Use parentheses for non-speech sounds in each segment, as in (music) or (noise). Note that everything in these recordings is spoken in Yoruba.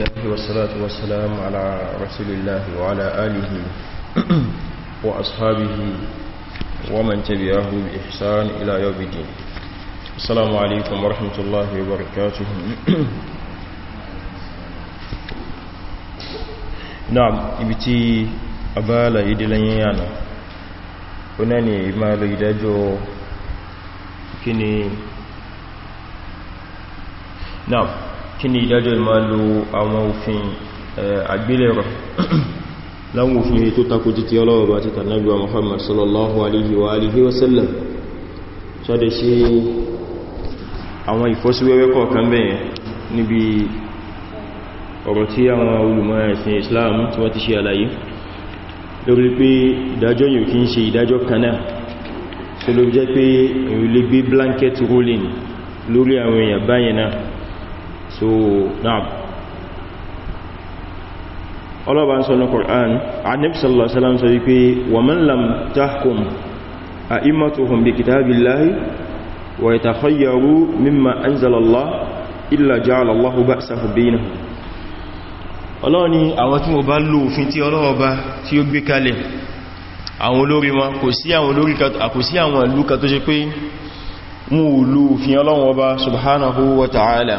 الله والصلاة والسلام على رسول الله وعلى آله (clears throat) وأصحابه ومن تبعه بإحسان إلى يوم الدين السلام عليكم ورحمة الله وبركاته (clears throat) نعم ibiti abala idilan yana ona ni ma lo kini na'am kí ni ìdájọ́ ìmá lo àwọn òfin àgbélẹ̀rọ (coughs) láwọn òfin èyí tó takò títí ọlọ́wọ́ bá títà náàbíwa Muhammad sallallahu alaihi wa alihi wasallam sọ́dẹ̀ sí àwọn ìfọ́síwẹ́wẹ́ kọ̀ọ̀kan bẹ̀yẹn níbi ọ̀rọ̀ tí àwọn olùmọ̀ ẹ̀sìn Islam tí wọ́n ti ṣe àlàyé lórí pé ìdájọ́ yìí kí ń ṣe ìdájọ́ kanáà tó àwọn èèyàn báyẹn náà so naam ọlọ́bà ń sọ ní Qur'an anib sallallahu alaihi wasallam sọ wípé wa man lam tahkum a'immatuhum bi kitabillahi wa yatakhayyaru mimma anzalallah illa ja'ala Allahu ba'sahu bainahum ọlọ́run ni àwọn tí wọ́n bá lò òfin tí Ọlọ́run bá tí ó gbé kalẹ̀ àwọn olórí wọn kò sí àwọn olórí wa ta'ala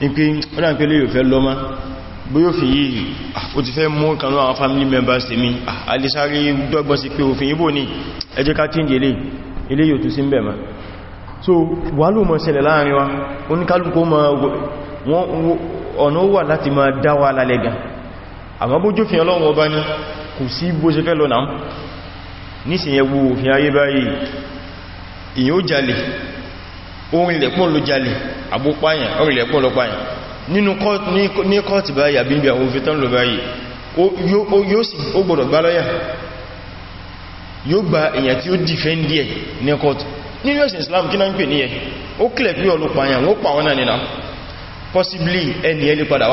pé ọdá ń pé lè fẹ́ lọ́má bó yóò fi yìí o ti fẹ́ mú kanú àwọn family members tèmi alìsáré dọ́gbọ́n sí pé òfin yíbò ní ẹ jẹ́ ká change ilé ilé yóò tún sí ń bẹ̀ ma so wà ló mọ̀ ṣẹlẹ̀ láàrin wa oníkálùkù ọ̀nà wà láti máa dá wa lálẹ́ gan àmọ́ bó jófin ọlọ́run ọba ní kò sí bó orile ilẹ̀pọ̀ ló jalè àbúpáyàn orile ilẹ̀pọ̀ ló páyàn nínú ní kọ́ọ̀tì báyìí àbí ibi àwọn òfin ló báyìí yóò sì ó gbọ́dọ̀ gbá lọ́yà yóò gba èyàn tí ó dìfẹ́ndì ẹ̀ ní kọ́ọ̀tì nínú ẹ̀sìn Islam kí náà ń pè ní ẹ ó kílẹ̀ pé ọlọ́pàáyàn ó pa wọn náà nínú possibly ẹni elipada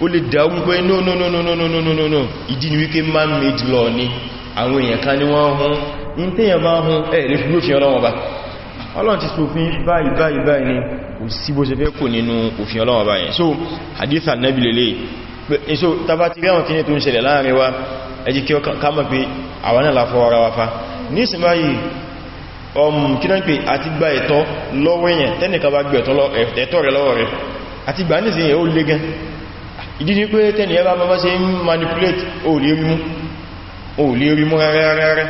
ó lè dáwọn pé no no no no no no no no no ìdí ni wípé man made law ni àwọn èèyàn kan ní wọ́n hun in tẹ́yàn bá hun ẹ̀ lè fi lófin ọlọ́wọ́n bá ọlọ́run ti sòfin báyìí báyìí báyìí ni kò sí bó ṣe fẹ́ kò nínú òfin ọlọ́wọ́n so hadith annabi so tàbá ti rí àwọn kíní tó ń ṣẹlẹ̀ láàrin wa ẹjí kí ká mọ̀ pé àwọn náà láfọ́ ara wa fa ní ìsìn báyìí ọmọ um, kí náà ìdíje pé tẹ́ni ẹbá bá ṣe ń manipulate o lè rí mú o lè rí mú rẹ́rẹ́rẹ́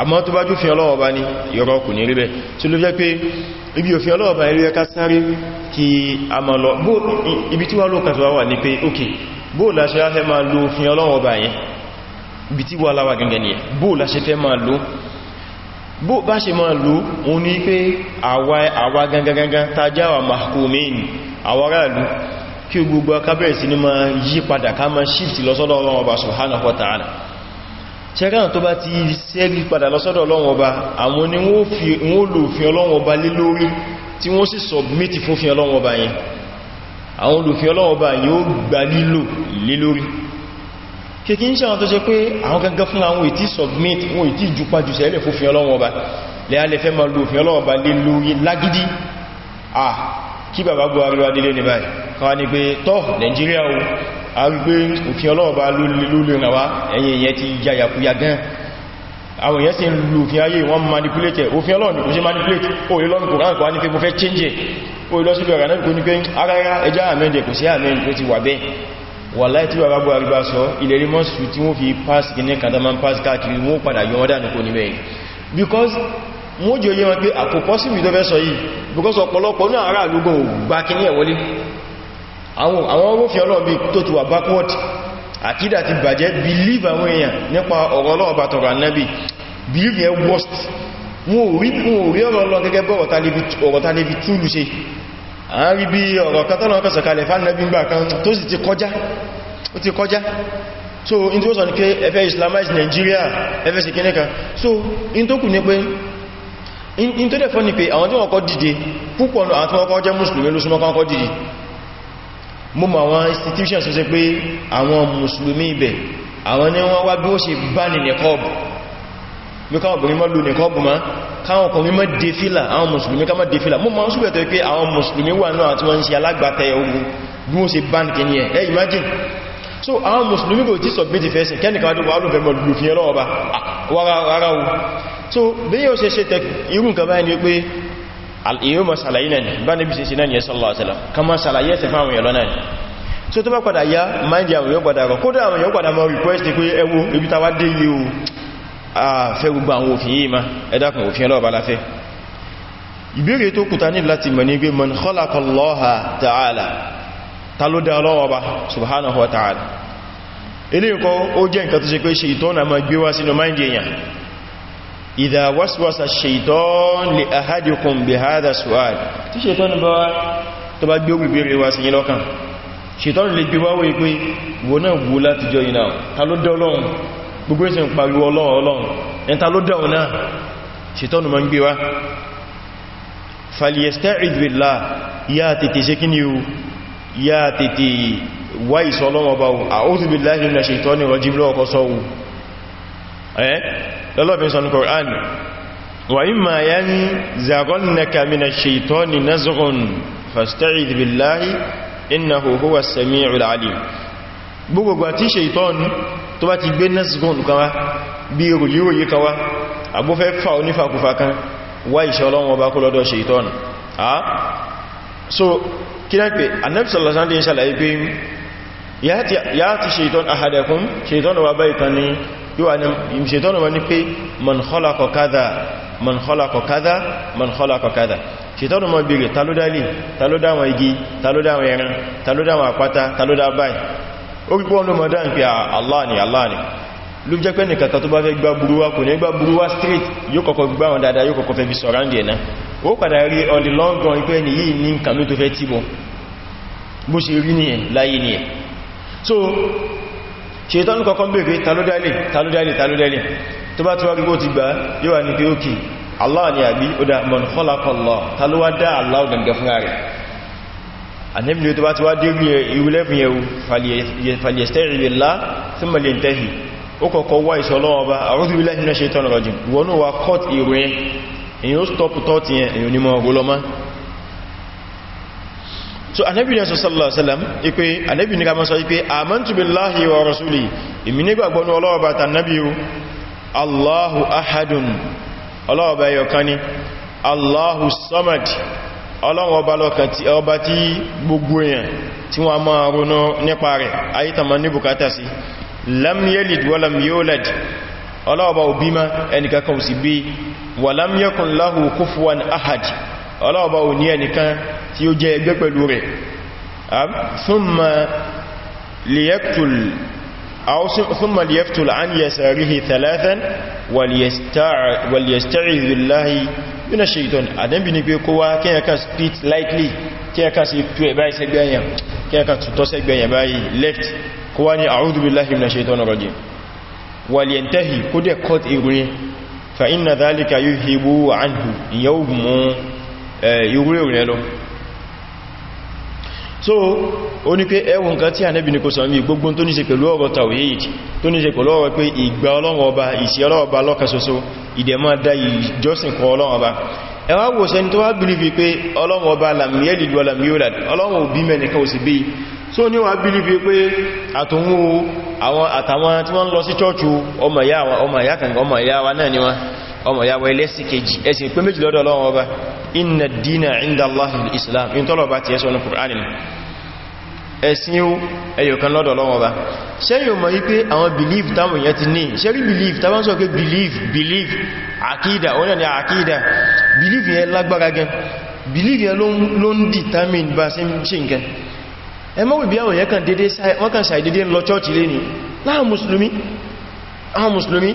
àmọ́ tó bá jú fi ọlọ́wọ́ bá ní ìrọ́ kò ní rí bẹ́ tí ló jẹ́ pé ibi òfin ọlọ́wọ́ bá ilé ẹka sáré kí a máa lọ ibi tí wá bó ibi tí wà láwà gẹ́gẹ́ ni ní pé àwa gangan kí o gbogbo akábẹ̀rẹ̀ sí ní ma yí padà ká ma shift lọ́sọ́dọ̀ ọlọ́run ọba subhanahu wa ta'ala ṣẹ́gbọ́n tó bá ti sẹ́rí padà lọ́sọ́dọ̀ ọlọ́run ọba àwọn ni wọ́n fi ọlọ́run ọba lé lórí tí wọ́n sì submit fún fi ọlọ́run ọba yẹn àwọn olùfin ọlọ́run ọba yẹn ó gbà lílò lé lórí kìkí ń ṣàwọn tó ṣe pé àwọn gangan fún àwọn ìtí submit wọn ìtí ìjúpájú sẹ́lẹ̀ fún fi ọlọ́run ọba lẹ́yàlẹ́ fẹ́ kí bàbá buhari wá délé ní báyìí káwà ní pé tọ́ Nigeria o a rí pé òfin ọlọ́ọ̀bá lólè ràwá ẹ̀yìn ìyẹn ti yàyàkúyà gan àwọn èyàn sì ń lò fi ayé wọn manipulate òfin ọlọ́ọ̀nì change o lè lọ́sílò ọ̀rẹ́ náà kò ní pé ara ẹjá àmẹ́jẹ kò sí àmẹ́jẹ tó ti wà bẹ́ẹ̀ wàláhí tí pass gínẹ́ kàtàmà pass káàkiri wọ́n because wọ́n jẹ́ yẹ́ wọn pé because ọ̀pọ̀lọpọ̀ náà ará àlúgbọ̀n ò gbá àwọn orúfẹ́ ọlọ́bí tó ti wà backward àkídà ti bàjẹ́ believe àwọn èèyàn nípa ọ̀rọ̀ ọlọ́ọ̀bá tọ̀rọ̀ annabi believe yẹn worst wọn ò rí ọ̀rọ̀ lọ gẹ́gẹ́ bọ́ ọ̀rọ̀ta lè fi túlù ṣe a ń rí bí ọ̀rọ̀ katọ́lọ̀ ọ̀pẹ̀sọ̀ so in tó sọ Nigeria ẹfẹ́ sí so in tó kù ní pé in tó dẹ̀ fọ́ ní pé àwọn tí mo mọ̀ àwọn institutions tó ṣe pé àwọn mùsùlùmí ibẹ̀ àwọn ní wọ́n wá bí ó ṣe bá ní nìkọ́ọ̀bù bí káwọn obìnrin mọ́ lò nìkọ́ọ̀bù má káwọn ọkùnrin mọ́ dé fílà àwọn mùsùlùmí ká mọ́ dé fílà mo mọ̀ ṣùgbẹ́ tó pé àwọn mùsùlùmí wà náà tí wọ́n ń ṣe so àwọn mùsùlùmí kò tí submit fẹ́sìn kẹ́nìkan tó wà lóòfẹ́ mọ̀ lòfin ọlọ́ọ̀bá ah, wára o so bí yóò ṣe ṣe irú nǹkan báyìí èyí ma sàlàyé náà ni bá níbi sísì náà ni sallallahu alaihi wasallam kan ma sàlàyé ẹ̀sẹ̀ fáwọn èèyàn lọ́nà ni tó tó bá padà yá máìdí àwọn èèyàn padà rọ kódà àwọn èèyàn padà ma request pé ẹwọ ibi ta wá dé yí o a fẹ́ gbogbo àwọn òfin yìí ma ẹ̀dàkùn òfin ọlọ́ọ̀bá láfẹ́ ìbéèrè tó kùta ní láti mọ̀ ní pé man khalaqa ta'ala ta ló dá Ọlọ́run Ọba subhanahu wa ta'ala ilé nǹkan ó jẹ́ nǹkan tó ṣe pé ṣe ìtọ́nà ma gbé wá sínú máìdí èèyàn ìdá waswasa ṣeitán lè ahadikun bí hádà su'ad tí ṣeitán bá tó bá gbé gbígbé wa sí lọ́kàn ṣeitán lè gbé wáwọ́ ìpé wọ́n náà wú láti jọ ìná ta ló dá Ọlọ́run gbogbo ìsìn pariwo Ọlọ́run Ọlọ́run ẹn ta ló dá ọ̀nà ṣeitán ma lọ́lọ́fin sọ ní Qur'an wa imma yanzaghannaka minash shaitani nazghun fasta'id billahi innahu huwas sami'ul alim gbogbo àti ṣètọ́nù tó bá ti gbé nazghun kan wá bí ròyíròyí kan wá agbófẹ́ fà onífàkúfà kan wá ìṣẹ́ ọlọ́run ọba kó lọ́dọ̀ ṣètọ́nù so kíná pé annabi sallallahu alaihi wasallam ṣàlàyé pé yá ti ṣètọ́nù ahadakum ṣètọ́nù wà báyìí kan ní yóò wà ní ìṣètọ́nà wọn ni pé man khalaqa kadha man khalaqa kadha man khalaqa kadha ṣètọ́nà mọ́ bèèrè talódálì talódáwọn igi talódáwọn ẹran talódáwọn àpáta talódábáì orí pọ́ ọlọ́mọ dáa ń pè Allah ni Allah street yóò kọ́kọ́ gbá wọn dáadáa yóò kọ́kọ́ fẹ́ fi sọ̀ráńdì ẹ̀nà ó long run ipẹ́ ni yìí ní nǹkan ló tó fẹ́ tíbọ̀ so ṣètọ́ ní kọ́kọ́ bèèrè talódálì talódálì talódálì tó bá tíwá gbogbo ti gbà yíwa ní pé ókè Allah ni àbí ó dá mọ̀n kọ́lákọ́lọ́ talówá dá Allah gangan fúnra rẹ̀ anẹ́bìnrin tó bá tíwá dé irú lẹ́fún yẹ̀wò fàlìyàstẹ́rì lè lá tí mọ̀ lè ń tẹ́hì ó kọ̀kọ́ wá ìṣọ́lọ́ọba a'udhu wa kọ́t ìròyìn èyí ó stop tọ́tì so anabi ni sallallahu alaihi wasallam ipe anabi ni ká máa sọ ipe amantu billahi wa rasuli èmi ni gbàgbọ́ nu Ọlọ́run ba ta nabi o allahu ahadun Ọlọ́run ba yọ̀kan ni allahu samad Ọlọ́run ọba lọ́kan tí ọba tí gbogbo èyàn tí wọ́n máa ronú nípa rẹ̀ ayita ma ní bùkátà sí lam yalid wa lam yulad Ọlọ́run ba obi ma ẹnìkan kan ò sì wa lam yakun lahu kufuwan ahad Ọlọ́run ba ò ní ẹnìkan tí ó jẹ ẹgbẹ́ pẹ̀lú rẹ̀ thumma liyaqtul aw thumma liyaqtul an yasarihi thalathan wal yasta'iz billahi mina shaitan àdẹ́bì ní pé kó wá kíyànká split lightly kíyànká sí tó ẹ̀bá ìsẹ́gbẹ̀yàn kíyànká tó sẹ́gbẹ̀yàn báyìí left kó wá ní a'udhu billahi mina shaitan rajim wàlìyàntẹ́hì kó dẹ̀ cut ìrìn fa inna dhalika yuhibu anhu ìyẹ́ ogun mọ́ ìrìn lọ so ó ní pé ẹwọ nǹkan tí Ànábì ní kò sọ mí gbogbo tó ní ṣe pẹ̀lú ọ̀rọ̀ tawhid tó ní ṣe pẹ̀lú ọ̀rọ̀ pé ìgbà Ọlọ́run ọba ìṣẹ́ Ọlọ́run ọba lọ́kan ṣoṣo ìdẹ̀mọ́ dá ìjọsìn kọ Ọlọ́run ọba ẹwà wò sẹni tó wá bìlìfì pé Ọlọ́run ọba lam yalid wa lam yulad Ọlọ́run òbí mẹ́nìkan ò sì bí so ní wà bìlìfì pé àtòhun àwọn àtàwọn tí wa náà ni wọ́n ọmọ ìyá wa ẹlẹ́sìn kejì ẹ̀sìn pé méjì lọ́dọ̀ Ọlọ́run ọba inna dina inda allahi al-islam in tọ́lọ̀ bá ti yẹ́ sọ́nà kùránì ni ẹ̀sìn ó ẹyọ̀kan lọ́dọ̀ lọ́wọ́ bá ṣe yíò mọ̀ wípé àwọn belief táwọn èèyàn ti ní ṣe rí belief táwọn sọ pé belief belief àkídà onílẹ̀ ni àkídà belief yẹn lágbára gan belief yẹn ló ń determine bá sí ṣe nǹkan ẹ mọ́ wípé àwọn èèyàn kan dédé wọ́n lọ chọ́ọ̀chì lé ní mùsùlùmí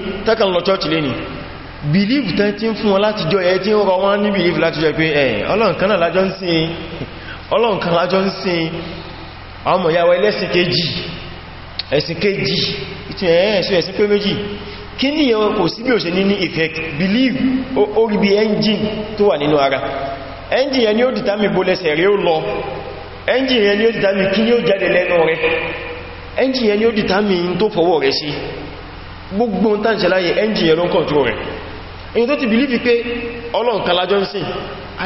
believe taa tin ń fún lati láti jọ ẹ tí ń rọ wọn ní believe jọ pé sin ọmọ ìyàwó ẹlẹ́sìn kejì ẹ̀sìn kejì ẹ̀ẹ́sìn ẹ̀sìn pé méjì kí ní ẹwọ kò sí effect believe engine to wa ninu ara engine ni o determine bó lẹ́sẹ̀ rẹ̀ o lo engine ni o determine kí ni jade engine ni o determine tó fọwọ́ re gbogbo engine èyí tó ti bìlífì pé ọlọ́run kan lájọ́ ń sìn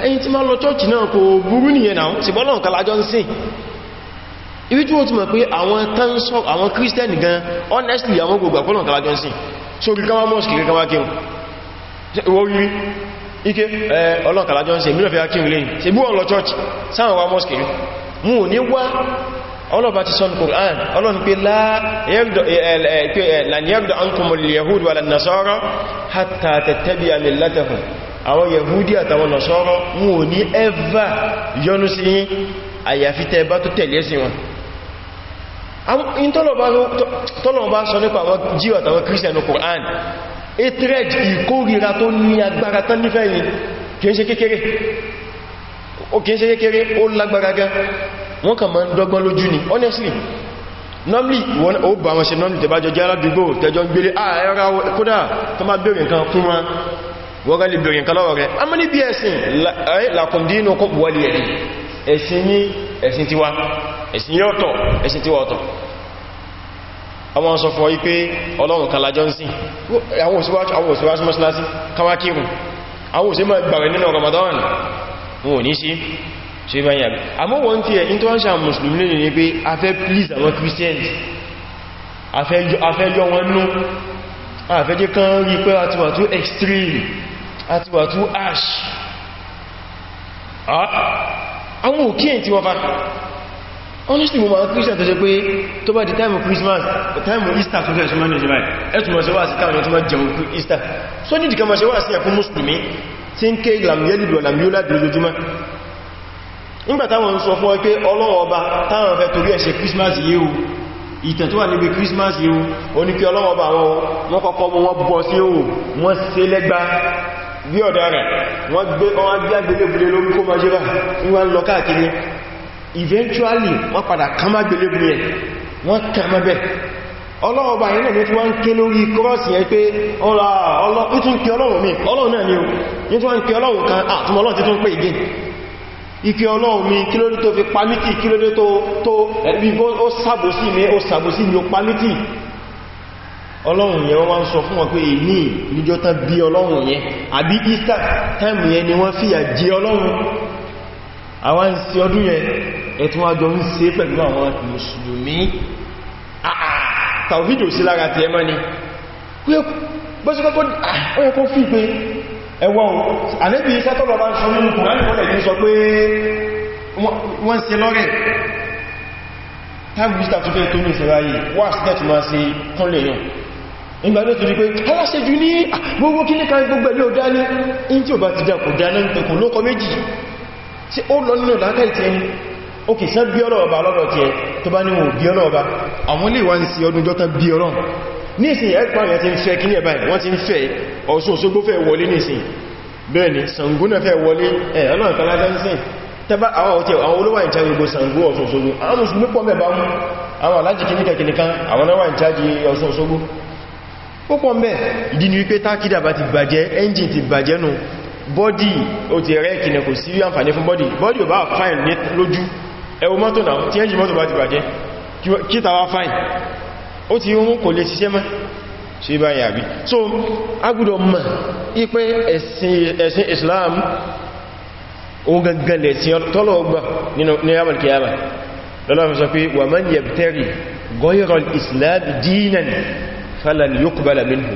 èyí tí máa lọ chọ́ọ̀chì náà kò burú nìyẹn náà sì bọ́ ọlọ́run kan lájọ́ ń sìn ibi tí wọ́n ti mọ̀ pé àwọn tánsọ́ àwọn kírísítẹ́nì gan honestly àwọn gbogbo àpọ́lọ̀n kan lájọ́ ń sìn so kíkà wá mọ́sùkì kíkà wá kírun wọ́n rí ike ọlọ́run kan lájọ́ ń sìn mílọ̀fẹ́ kírun lẹ́yìn ṣe bú ọ̀n lọ chọ́ọ̀chì sáwọn wá mọ́sùkì mú ò ní wá ọlọ́ba ti sọ́nù Qur'an ọlọ́n pé lanyardo an kọmọlù yahudu wa lannasọ́rọ̀ hatta tattabi a millatahun àwọn yahudi àtàwọn nasọ́rọ̀ wọn ò ní ẹva yọnu sí yí àyàfi tẹ bá tó tẹ̀lé sí wọn tọ́lọ̀ba sọ nípa àwọn jíò àtàwọn kírísẹ̀nù Qur'an hatred ìkórira tó ní agbára tán nífẹ̀ẹ́ yìí kìí ṣe kékeré ó lágbára gan wọ́n kàn máa ń dọ́gbọ́n lójú ni honestly normally wọ́n ó bá wọn ṣe normally tẹbájọ jẹ́ aládùúgbò tẹjọ ń gbélé ààrẹ kódà tó máa bèèrè nǹkan fún wọn wọ́gá lè bèèrè nǹkan lọ́wọ́ rẹ̀ a mọ́ níbi ẹ̀sìn làkùndínú kọ́ wọlé ẹ̀rí ẹ̀sìn ní ẹ̀sìn tiwa ẹ̀sìn yẹ́ ọ̀tọ̀ ẹ̀sìn tiwa ọ̀tọ̀ àwọn sọ fọ́ wípé ọlọ́run kan lájọ́ ń sìn àwọn òṣìwáṣí mọ́sílásí káwákírùn àwọn òṣìwáṣí gbàrẹ̀ nínú Ramadan wọn ò ní sí ṣe bá yàbí àmọ́ wọ́n tí ẹ̀ international muslim lè ní pé a fẹ́ please àwọn christians a fẹ́ yọ wọn nú a fẹ́ jẹ́ kán rí pé a ti wà tó extreme a ti wà tó ash àwọn òkè tí wọ́n fa honestly mo máa christian tó ṣe pé tó bá di time of christmas time of easter tó fẹ́ ṣe mọ́nà ìṣẹ́báyì ẹ̀tùmọ̀ ṣe wá sí táwọn ẹ̀tùmọ̀ jẹun easter so ní ìdíkà máa ṣe wá sí ẹ̀kún mùsùlùmí tí ń ké ìlàmìyẹ́lìdò ọ̀làmìyọ́lá dìlójúmọ́ nígbàtá wọn sọ fún ọ pé Ọlọ́run ọba táwọn fẹ́ torí ẹ̀ṣẹ̀ Christmas yìí o ìtàn tó wà níbi Christmas yìí o ó ní kí Ọlọ́run ọba wọn wọ́n kọ́kọ́ wọ́n bọ́ sí o wọ́n ṣe lẹ́gbá bí ọ̀daràn wọ́n gbé ọwọ́n gbé agbélébùlé lórí kó máa jẹ́bà wọ́n lọ káàkiri eventually wọ́n padà kàmá agbélébùlé ẹ̀ wọ́n kàmá bẹ̀ Ọlọ́run ọba yìí náà tí wọ́n ń ké lórí kọ́ọ̀sì yẹn pé ọlọ́run ìtún kí Ọlọ́run mi Ọlọ́run náà ni ó ní tí wọ́n ń kí Ọlọ́run kan àtúmọ́lọ́ ti tún pé ìgbé ike ọlọ́run mi kí ló dé tó fi pamítì kí ló dé tó ẹ̀bí ó sàbòsí mi ó sàbòsí mi ó pamítì ọlọ́run yẹn wọ́n wá ń sọ fún wọn pé ní níjọ́ tán bí ọlọ́run yẹn àbí easter time yẹn ni wọ́n fìyà jẹ ọlọ́run àwọn ń ṣe ọdún yẹn ẹ̀tún àjọ ń ṣe pẹ̀lú àwọn mùsùlùmí tàwídò sí lára ti ẹmọ́ ni ah, ó yẹ kó fi pé ẹwọ́n àníbi iṣẹ́ tọ́lọ bá ń sọ nínú kùránì kọ́lẹ̀ ní sọ pé wọ́n ṣe lọ́rẹ̀ tábí ìsítà tó fẹ́ tó ní ìṣẹ́ra yìí wà sídẹ̀ tó máa ṣe kọ́lẹ̀ yàn ìgbàdó tó rí pé aláṣẹ́jú ní ah, gbogbo kí ní ká gbogbo ẹ̀lẹ́ òdá ní ti dá kò dá ní pẹ̀kùn lókọ méjì tí ó lọ nínú lákà ìtẹ́ ní òkè sẹ́ bí ọlọ́ọ̀bá lọ́dọ̀ tí ẹ tó bá ní wọn bí ọlọ́ọ̀bá àwọn nísìn ẹgbà yẹn ti ń fẹ́ kílẹ̀ báyìí wọ́n ti ń fẹ́ Ọ̀ṣun Òṣogbo fẹ́ wọlé nísìn bẹ́ẹ̀ ni Ṣàngó náà fẹ́ wọlé ẹ̀ ọlọ́run kan lájá nísìn tẹ́bá àwọn òtẹ́ àwọn olówà ìjájì gbogbo Ṣàngó Ọ̀ṣun Òṣogbo àwọn mùsùlùmí pọ̀ mẹ́bà mú àwọn alájì kìníkẹ̀kìníkan àwọn náà wà ìjájì Ọ̀ṣun Òṣogbo púpọ̀ mẹ́ ìdí ni wípé tákìdà bá ti bàjẹ́ ẹ́njìn ti bàjẹ́ nù bọ́dì ó ti rẹ́ kìnà kò sí àǹfààní fún bọ́dì bọ́dì ò bá fáìn lójú ẹwọ mọ́tò náà tí ẹ́njìn mọ́tò bá ti bàjẹ́ kí tàwa fine ó ti rún kò lè ṣiṣẹ́ mọ́ ṣe bá yà bí so agbúdọ̀ mọ̀ ipé ẹ̀sìn Islam ó gangan lè sí tọ́lọ̀ ọgbà ní yamal kiyama lọ́lọ́fẹ́ sọ pé wa man yabtaghi ghayra islam dinan falan yuqbala minhu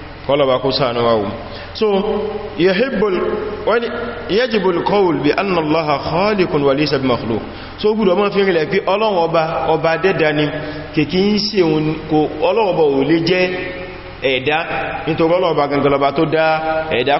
kọlọba kó sànú wa so yajibul qawl bi anna allaha khaliqun wa laysa bi makhluq so gbọ́dọ̀ ma fi rílẹ̀ pé ọlọ́run ọba ọba dẹ́dà ni kìkí ń ṣe òun kò ọlọ́run ọba ò lè jẹ́ ẹ̀dá nítorí ọlọ́run ọba gangan ọba tó dá ẹ̀dá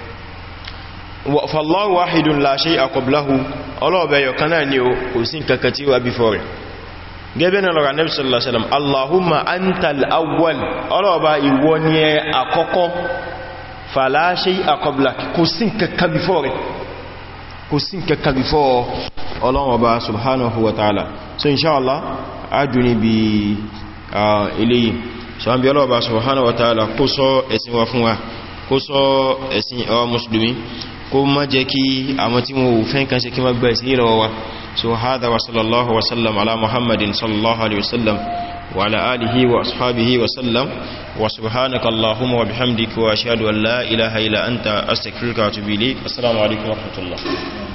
fallahu wahidun la shay'a qablahu ọlọ́ọ̀bẹ̀ yọ̀kan náà ni o kò sí nǹkankan tí wà before rẹ̀ gẹ́gẹ́ náà lọ́rọ̀ nẹ́bí sallallahu alaihi wasallam allahumma antal awwal ọlọ́ọ̀bá ìwọ ni ẹ àkọ́kọ́ fala shay'a kò sí nǹkankan before rẹ̀ kó má jẹ́ kí àwọn tí wọ́n fẹ́ kan ṣe kí wọ́n gbẹ̀ẹ́sì ní ìrọwọ́ wa so hada wa sallallahu wa sallam ala muhammadin sallallahu alaihi wasallam wa ala alihi wa ashabihi wa sallam wa subhanaka allahumma wa bihamdika wa ashhadu an la ilaha illa anta astaghfiruka wa atubu ilayk assalamu alaikum wa rahmatullah